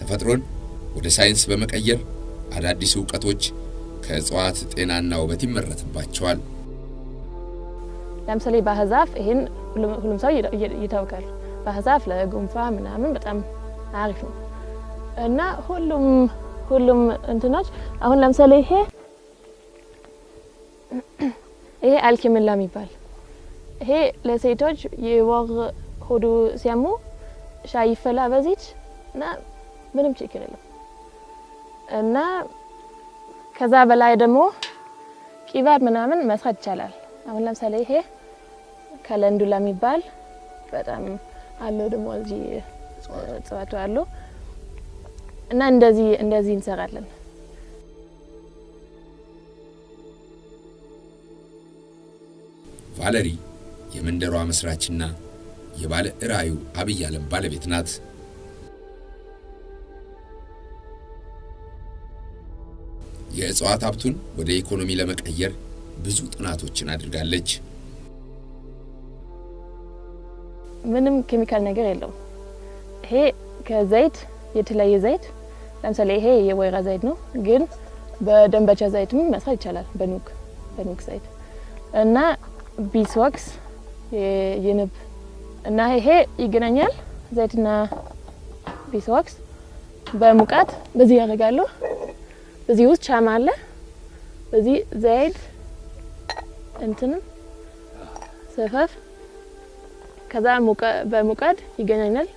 ተፈጥሮን ወደ ሳይንስ በመቀየር አዳዲስ እውቀቶች ከእጽዋት ጤናና ውበት ይመረትባቸዋል። ለምሳሌ ባህር ዛፍ ይህን ሁሉም ሰው ይታወቃል። ባህር ዛፍ ለጉንፋ ምናምን በጣም አሪፍ ነው እና ሁሉም ሁሉም እንትኖች አሁን ለምሳሌ ይሄ ይሄ አልኪምላ የሚባል ይሄ ለሴቶች የወር ሆዱ ሲያሙ ሻይ ይፈላ በዚች እና ምንም ችግር የለም እና ከዛ በላይ ደግሞ ቂባድ ምናምን መስራት ይቻላል። አሁን ለምሳሌ ይሄ ከለንዱላ የሚባል በጣም አለው ደግሞ እዚህ እጽዋቱ አለው እና እንደዚህ እንደዚህ እንሰራለን። ቫለሪ የመንደሯ መስራችና የባለ ራዕዩ አብይ አለም ባለቤት ናት። የእጽዋት ሀብቱን ወደ ኢኮኖሚ ለመቀየር ብዙ ጥናቶችን አድርጋለች። ምንም ኬሚካል ነገር የለውም። ይሄ ከዘይት የተለያየ ዘይት፣ ለምሳሌ ይሄ የወይራ ዘይት ነው፣ ግን በደንበቻ ዘይትም መስራት ይቻላል። በኑግ በኑግ ዘይት እና ቢስወክስ የንብ እና ይሄ ይገናኛል። ዘይትና ቢስወክስ በሙቃት በዚህ ያደርጋሉ። እዚህ ውስጥ ሻማ አለ። እዚህ ዘይድ እንትንም ሰፈፍ ከዛ በሙቀድ ይገናኛል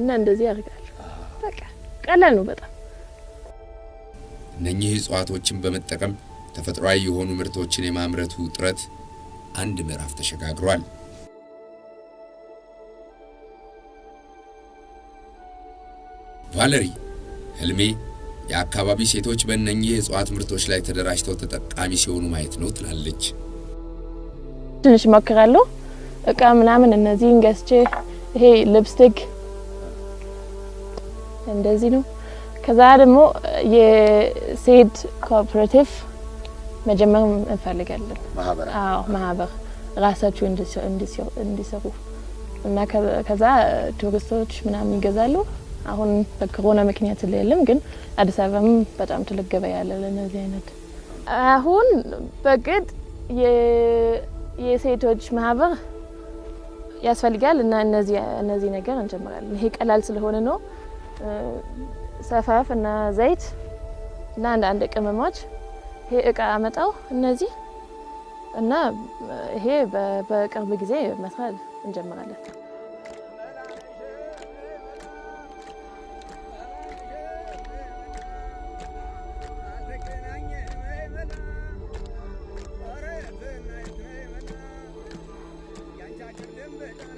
እና እንደዚህ ያደርጋል። በቃ ቀላል ነው በጣም። እነኚህ እጽዋቶችን በመጠቀም ተፈጥሯዊ የሆኑ ምርቶችን የማምረቱ ጥረት አንድ ምዕራፍ ተሸጋግሯል። ቫለሪ ህልሜ የአካባቢ ሴቶች በእነኚህ የእጽዋት ምርቶች ላይ ተደራጅተው ተጠቃሚ ሲሆኑ ማየት ነው ትላለች። ትንሽ እሞክራለሁ። እቃ ምናምን እነዚህን ገዝቼ ይሄ ልብስቲክ እንደዚህ ነው። ከዛ ደግሞ የሴድ ኮኦፕሬቲቭ መጀመር እንፈልጋለን። ማህበር ራሳችሁ እንዲሰሩ እና ከዛ ቱሪስቶች ምናምን ይገዛሉ። አሁን በኮሮና ምክንያት ስለሌለም ግን አዲስ አበባም በጣም ትልቅ ገበያ አለ ለነዚህ አይነት። አሁን በግድ የሴቶች ማህበር ያስፈልጋል እና እነዚህ ነገር እንጀምራለን። ይሄ ቀላል ስለሆነ ነው። ሰፋፍ እና ዘይት እና አንዳንድ ቅመሞች ይሄ እቃ አመጣው እነዚህ እና ይሄ በቅርብ ጊዜ መስራት እንጀምራለን። you.